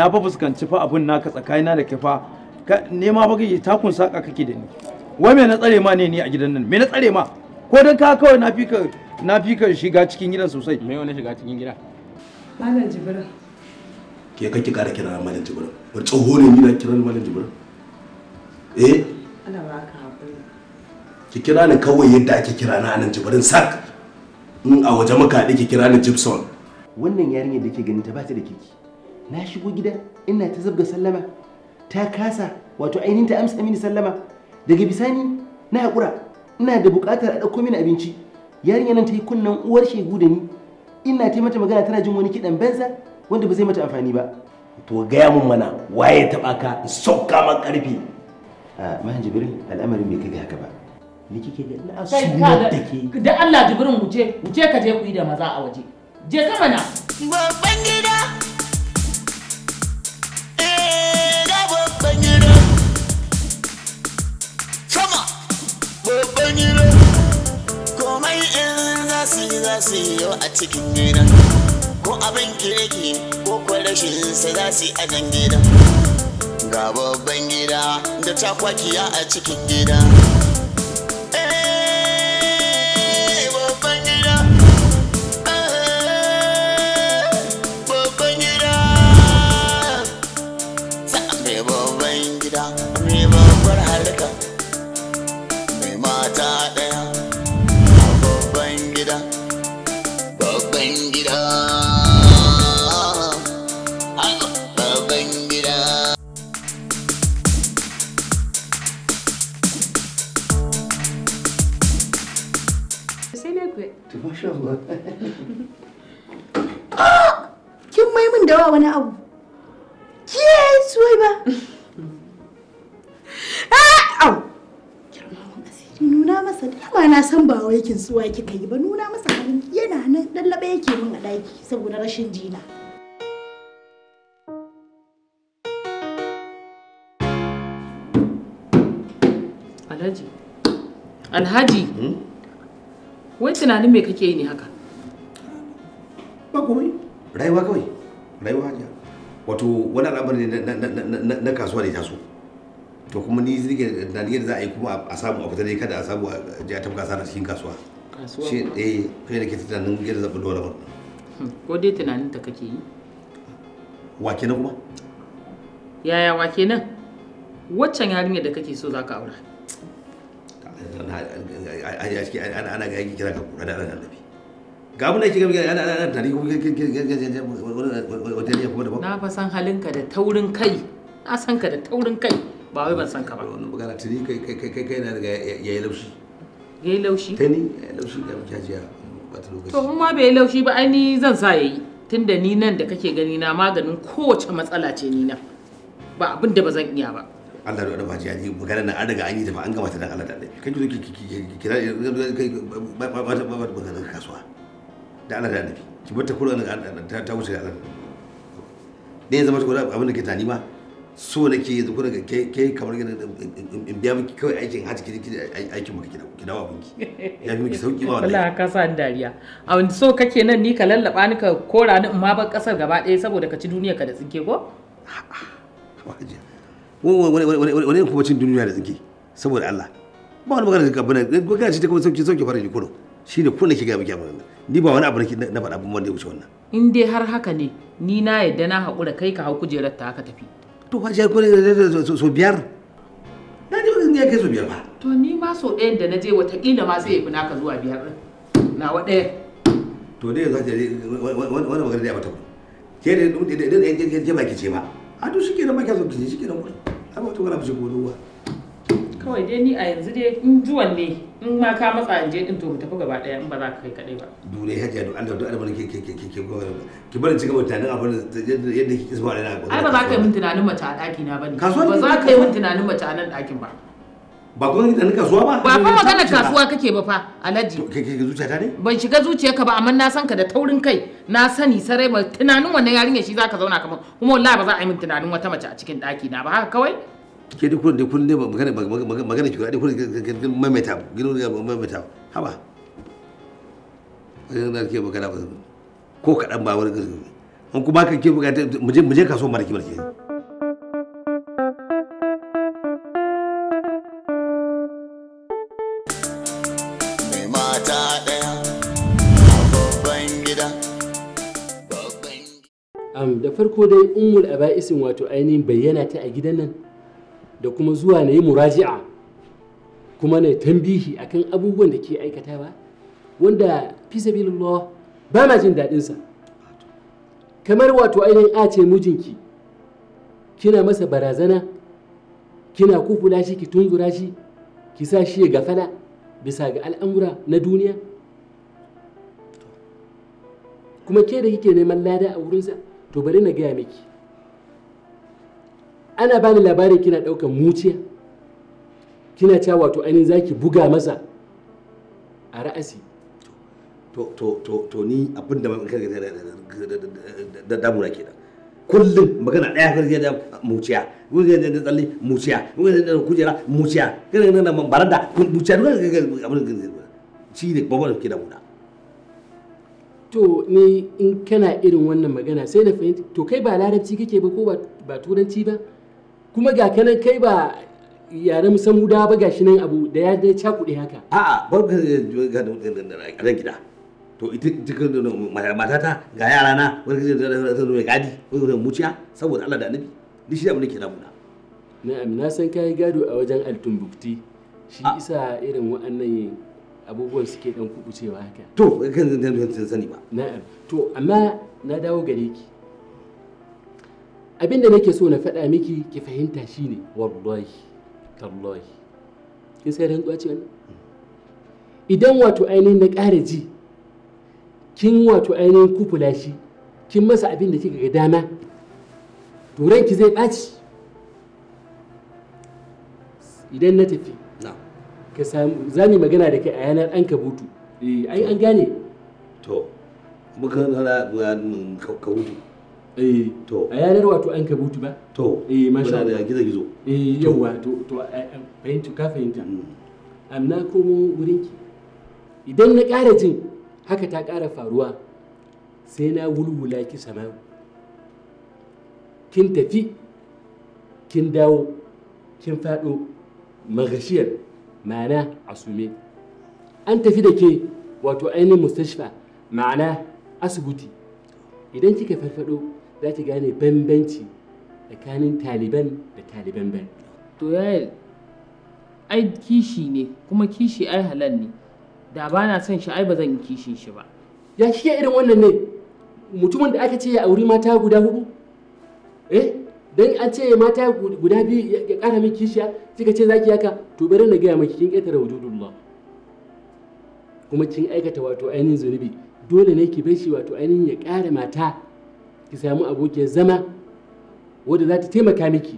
na fa fuskanci fa abun naka tsakanina da ke fa nema fa kake takun saka kake da ni wai me na tsare ma ne ni a gidan nan me na tsare ma ko dan ka kawai na fika na fika shiga cikin gidan sosai me wani shiga cikin gida malam jibrin ke kake kara kira malam jibrin wani tsoho ne ni na kira malam jibrin eh ana ka hakuri ki kira ni kawai yadda ake kira na anan jibrin sak in a waje muka ki kira ni jibson wannan yarinyar da ke ganin ta ba ta da kiki na shigo gida ina ta zabga sallama ta kasa wato ainihin ta amsa mini sallama daga bisani na haƙura ina da buƙatar a ɗauko mini abinci yarinya nan ta yi kunnen uwar shegu da ni ina ta mata magana tana jin wani kiɗan banza wanda ba zai mata amfani ba to gaya mun mana waye taɓa ka sauka man ƙarfi mahan al'amarin bai kai haka ba ni kike ga na sunar da ke da Allah jibrin wuce wuce ka je ku yi da maza a waje je mana babban gida komai in za su yi za su yi yau a cikin gida ko abin kirki ko kwa rashin sa za su yi a nan gida ga babban gida da takwakiya a cikin gida Ke suwai ba. Ah, au! Nuna masa dama na san ba wai kin suwa kika yi ba nuna masa abin yana nan lallaɓa yake mun a daki saboda rashin jina. Alhaji. Alhaji. Hmm? Wai tunanin me kake yi ne haka? Ba komai. Rayuwa kawai. Rayuwa ne wato wani al'amari ne na kasuwa da ya taso to kuma ni zirge na da za a yi kuma a samu a fitar da kada a samu a ta a na cikin kasuwa shi eh kai da ke tunanin yadda zaɓi dole ba ko dai tunanin ta kake yi wake na kuma yaya wake nan waccan yarinyar da kake so za ka aura ana ga yaki kira ka kura da annabi ga abin da yake gami ana ana ana tare wata yanayi kuma daban na fa san halinka da taurin kai na san ka da taurin kai ba wai ban san ka ba wannan magana tuni kai kai kai kai yayi laushi yayi laushi tani yayi laushi ga jajiya bata lokaci to ma bai yi laushi ba ai ni zan sa yayi tunda ni nan da kake gani na maganin kowace matsala ce ni nan ba abin da ba zan iya ba Allah da ba magana an daga an yi ba an gama ta dan Allah da kai ki ki ba ba ba ba ba ba ba ba ba ba ba ba ba ba ba ba da Allah da annabi ki bar ta kura daga ta wuce ga Allah ne zama ko kuma abin da ke tani ma so nake yanzu kuna ke kamar gina in biya miki kawai aikin hajji ki ki aikin mu ki dawo abinki ya fi miki sauki ba wallahi ka sa dariya a wani so kake nan ni ka lallaba ni ka kora ni in ma bar kasar gaba ɗaya saboda ka ci duniya ka da tsinke ko wani kuma cin duniya da tsinke saboda Allah ba wani magana da kabbanan magana ce ta kuma sauki sauki fara jikuro shi ne kuna ke gaba miki ni ba wani abu na faɗa abin wanda ya wuce wannan in dai har haka ne ni na yadda na haƙura kai ka hau kujerar ta haka tafi to ne ko so biyar na ji wani ya kai so biyar ba to ni ma so ɗayan da na je watakila ma sai ya fi naka zuwa biyar ɗin n'a ɗaya to dai yanzu hajiya wani magana da ya mata ku ke da ɗaya ke ba ki ce ba a to shi ke nan ba ki so ki ce shi ke nan ku ai ba to wani abu ko kawai dai ni a yanzu dai in zuwan ne in ma ka matsa in je din to mu tafi gaba daya in ba za ka kai kadai ba dure hajiya ya Allah don Allah ke ke ke ke ke ki bari ci gaba tunanin abin yadda kike zuwa da na ai ba za ka yi min tunanin mace a daki na bane ba za ka yi min tunanin mace a nan dakin ba ba kuma ni tunanin kasuwa ba ba fa magana kasuwa kake ba fa alaji ke ke zuciya ta ne ban shiga zuciya ka ba amma na san ka da taurin kai na sani sarai ba tunanin wannan yarinya shi zaka zauna kamar kuma wallahi ba za a yi min tunanin wata mace a cikin daki na ba haka kawai ke duk kullum kullum ne magana magana magana ki duk kullum maimaita gidan da maimaita haba wajen da ke magana ba ko kaɗan ba wani gaskiya in kuma ka ke bukata mu je kasuwa marki marki da farko dai ummul aba'isin wato ainihin bayyana ta a gidan nan da kuma zuwa na yi muraji'a kuma na tambihi akan abubuwan da ke aikata ba wanda fisabilillah ba ma jin daɗinsa kamar wato ainihin a ce mijinki kina masa barazana kina kufula shi ki tunzura shi ki sa shi ya gafala bisa ga al'amura na duniya kuma ke da kike neman lada a wurinsa to bari na gaya miki ana bani labari kina daukan muciya kina cewa wato ainihin zaki buga masa a ra'asi to to to to ni abin da da damuna da kullum magana ɗaya kan zai da muciya kun zai da tsalle muciya kun zai da kujera muciya kan zai da baranda kun muciya duk abin da zai shi ne babban ke damuna to ni in kana irin wannan magana sai na fahimci to kai ba larabci kake ba ko ba turanci ba kuma ga kanan kai ba yaren samuda ba gashi nan abu da ya dai cakuɗe haka a'a bar ka ga ran gida to ita matata ga yara na wani kaje da ta mai gadi wani kaje muciya saboda Allah da annabi ni shi da mun na muna na'am na san kai gado a wajen altumbukti shi isa irin wa'annan abubuwan suke dan kubucewa haka to kan zan sani ba na'am to amma na dawo gare ki abinda nake so na faɗa miki ki fahimta shine wallahi tallahi kin sai rantsuwa ce wannan idan wato ainihin na ƙara ji kin wato ainihin kufula shi kin masa abin da kika ga dama to ranki zai ɓaci idan na tafi ka samu za mu magana da kai a yanar an kabutu eh, ai an gane to mukan muka ka hutu eh to a yanar wato an kabutu ba to eh masha Allah gizo gizo eh yawa to to fahimta ka fahimta mm. amma komo wurin ki idan na ƙara jin haka ta ƙara faruwa sai na wulwula ki sama kin tafi kin dawo kin faɗo magashiyar ma'ana asume an tafi da ke wato ainihin mustashfa ma'ana asibiti idan kika farfado za ki gane bambanci tsakanin taliban da taliban ban to yaya ai kishi ne kuma kishi ai halal ne da ba na son shi ai ba zan kishin shi ba ya shi irin wannan ne mutumin da aka ce ya auri mata guda hudu eh dan an ce mata guda biyu ya kara miki kishiya kika ce zaki haka to bari na gaya maki kin ƙetare wujudullah kuma kin aikata wato ainihin zunubi dole ne ki bar shi wato ainihin ya kara mata ki samu abokiyar zama wadda za ta taimaka miki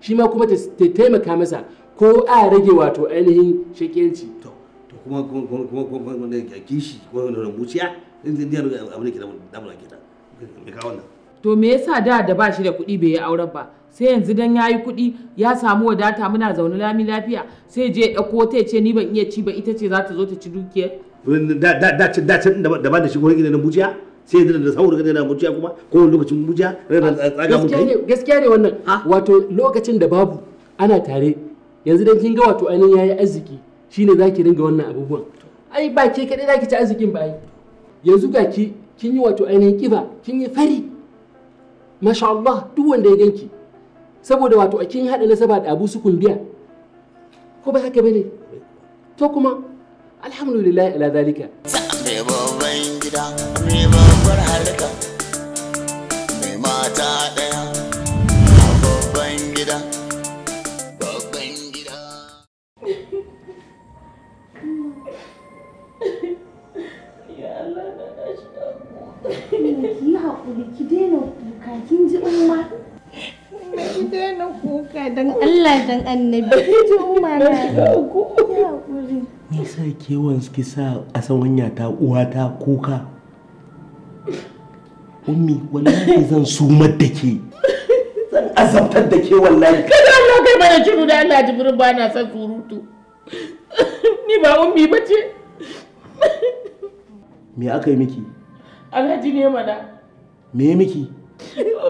shi ma kuma ta taimaka masa ko a rage wato ainihin shakiyanci to to kuma kuma kuma kuma kishi ko da abin da me ka to me yasa da da ba shi da kuɗi bai yi auren ba sai yanzu dan ya yi kuɗi ya samu wadata muna zaune lami lafiya sai je ya ɗauko ta ce ni ban iya ci ba ita ce za ta zo ta ci dukiyar da da da da da ba da shi gidan muciya sai da da saboda kada yana mujiya kuma ko lokacin mujiya rana tsaga mun kai gaskiya ne wannan wato lokacin da babu ana tare yanzu dan kin ga wato ainihin yayi arziki shine zaki dinga wannan abubuwan ai ba ke za zaki ci arzikin ba ai yanzu ga ki kin yi wato ainihin kiba kin yi fari masha Allah duk wanda ya ganki saboda wato a kin hada nasaba da Abu Sukun biya ko ba haka bane to kuma alhamdulillah ala zalika me babban gida me babbar harka mai mata ɗaya a babban gida babban gida ya Allah na haƙuri ki daina kuka kin ji umma na ki daina kuka don Allah don annabi ki ji umma na ki haƙuri me yasa kewan suke sa a san wanya ta uwa ta kuka ummi wallahi zan sumar da ke zan azabtar da ke wallahi kada Allah kai mana shiru da Allah jibrin ba na son surutu ni ba ummi ba ce me aka yi miki alhaji ne mana me miki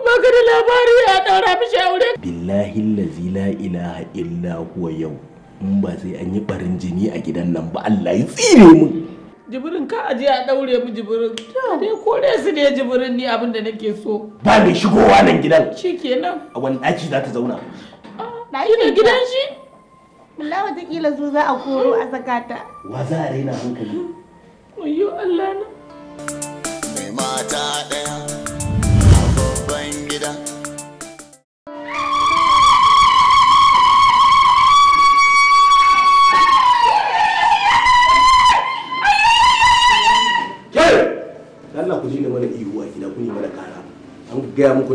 ba ka da labari ya daura mishi aure billahi allazi la ilaha illa huwa yau in ba sai an yi barin jini a gidan nan ba Allah ya tsire mu jibirin ka aje a daure mu jibirin ta ne kore su ne jibirin ni abin da nake so ba mai shigowa nan gidan kenan. a wani daki za ta zauna ah, ne gidan shi wata kila zo za a koro a sakata. Wa za a raina hankali? Ayyo Allah na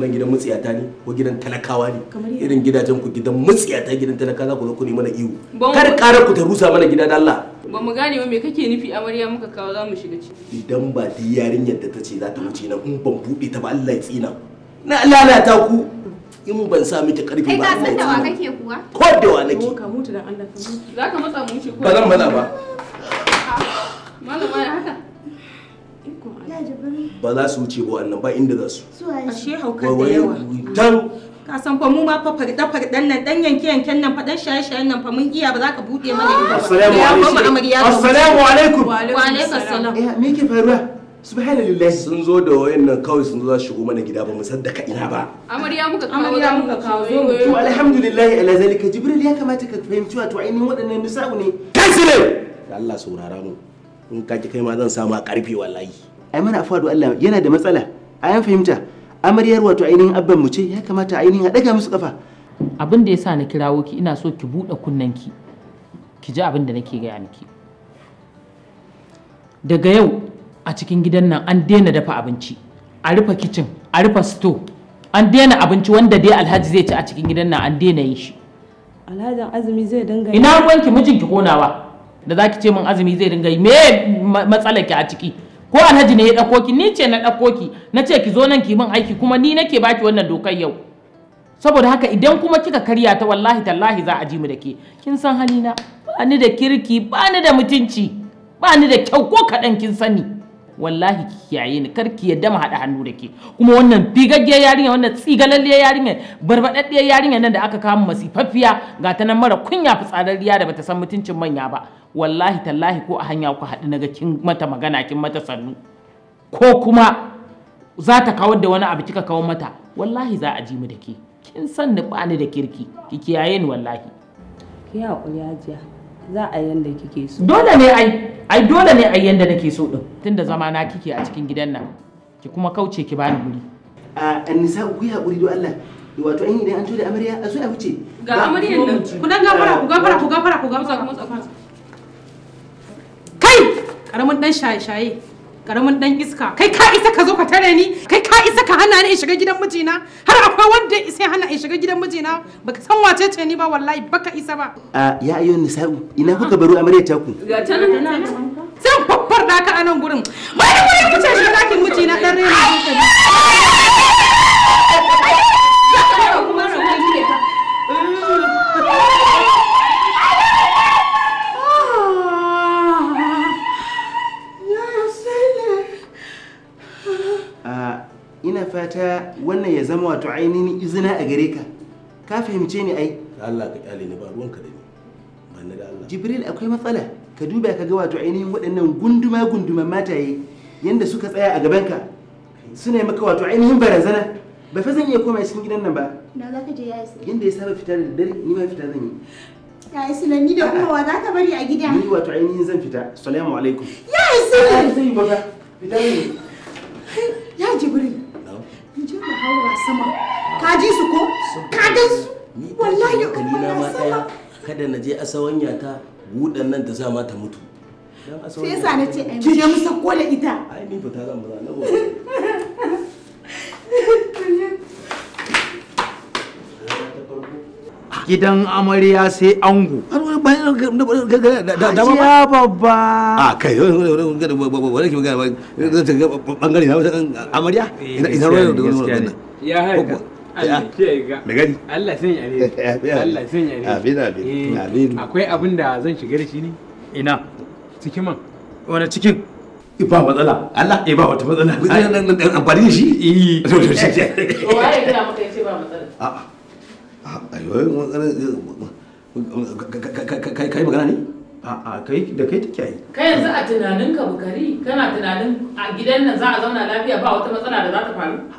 nan gidan mutsiyata ne ko gidan talakawa ne irin gidajen ku gidan mutsiyata gidan talakawa za ku zo ku ne mana iwu kar kare ku ta rusa mana gida da Allah ba mu gane me kake nufi amarya muka kawo za mu shiga ciki idan ba ta yarinyar da ta ce za ta wuce nan in ban bude ta ba Allah ya tsina na lalata ku in ban sa miki karfi ba Allah ya tsina kai ka san da wa kake kuwa ko da wa nake ka mutu dan Allah ka mutu za ka matsa mu shi ko ba zan matsa ba malama haka ba za su wuce ba wannan ba inda za su ashe haukar da yawa dan ka san fa mu ma fa farda fardan nan dan yanke yanken nan fa dan shaye shaye nan fa mun iya ba za ka bude mana ido assalamu alaikum wa alaikum assalam eh, me ke faruwa subhanallah sun zo da wayannan kawai sun zo za shigo mana gida ba mu saddaka ina ba amarya muka kawo amarya muka kawo to alhamdulillah ala zalika jibril ya kamata ka fahimci wa wato ainihin waɗannan nisa'u ne kansile Allah saurara mu in ka ki kai ma zan sa ma karfi wallahi ai mana afuwa Allah yana da matsala a yan fahimta amaryar wato ainihin abban mu ce ya kamata ainihin a daga musu kafa abin da yasa na kirawo ki ina so ki bude kunnen ki ki ji abin da nake gaya miki daga yau a cikin gidan nan an daina dafa abinci a rufe kicin a rufe sto an daina abinci wanda dai alhaji zai ci a cikin gidan nan an daina yin shi alhajin azumi zai dinga ina ruwanki mijinki konawa da zaki ce min azumi zai dinga yi me matsalar ki a ciki ko alhaji ne ya ɗauko ki ni ce na ɗauko ki na ce ki zo nan ki min aiki kuma ni nake baki wannan dokar yau saboda haka idan kuma kika karya ta wallahi tallahi za a ji mu da ke kin san halina ba ni da kirki ba ni da mutunci ba ni da kyau ko kaɗan kin sani wallahi ki kiyaye ni kar ki yadda mu haɗa hannu da ke kuma wannan figagge yarinya wannan tsigalalle yarinya barbadadde yarinya nan da aka kama masifaffiya ga ta nan mara kunya fitsararriya da bata san mutuncin manya ba wallahi tallahi ko a hanya ku haɗu naga kin mata magana kin mata sannu ko kuma za ta kawar da wani abu kika kawo mata wallahi za a ji mu da ke kin san ni ba ni da kirki ki kiyaye ni wallahi ki ya hajiya za a yanda kike so dole ne ai ai dole ne ai yanda nake so din tunda zama na kike a cikin gidan nan ki kuma kauce ki bani guri a annisa ku ya hakuri don Allah wato an idan an tura amarya a zo a wuce ga amarya nan ku dan gafara ku gafara ku gafara ku gafara ku gafara kai karamin dan shaye shaye karamin dan iska kai ka isa ka zo ka tare ni kai ka isa ka hana ni in shiga gidan mijina har akwai wanda ya isa hana in shiga gidan mijina baka san wace ce ni ba wallahi baka isa ba a ya ni nisa'u ina kuka baro amarya ta ku ga ta nan sai babbar da ka anan gurin mai gurin wuce shiga dakin mijina dan rena fata wannan ya zama wato ainihin izina a gare ka ka fahimce ni ai Allah ka kyale ni ba ruwanka da ni da Allah Jibril akwai matsala ka duba ka ga wato ainihin waɗannan gunduma gunduma mataye yanda suka tsaya a gaban ka suna maka wato ainihin barazana ba fa zan iya koma cikin gidan nan ba za ka je yanda ya saba fita da dare ni ma fita zan yi ya sunan ni da kuma wa za ka bari a gida ni wato ainihin zan fita assalamu alaikum baka fita ne ya Jibril sama ka ji su ko ka gan su wallahi na ma daya kada na je asawanya ta budan nan ta sa ma ta mutu sai yasa na ce ai je musa ko da ita ai ni fita zan ba na gidan amarya sai ango. Ajiya babba. A kai wani ke magana bangare na amarya? Ina ruwa da wani ya haka Allah sun yi Allah sun yi eh, akwai abin da zan shiga da shi ne ina cikin man wani cikin ba matsala Allah eh, ba wata matsala dan amfani da shi a eh. to shi wa ya gina maka ce ba matsala a a ayo kai magana ne a ah, ah, kai da kai ta yi kai yanzu a tunanin ka bukari kana tunanin a gidan nan za a zauna lafiya ba wata matsala da za ta faru